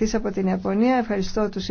της από την Ιαπωνία. Ευχαριστώ τους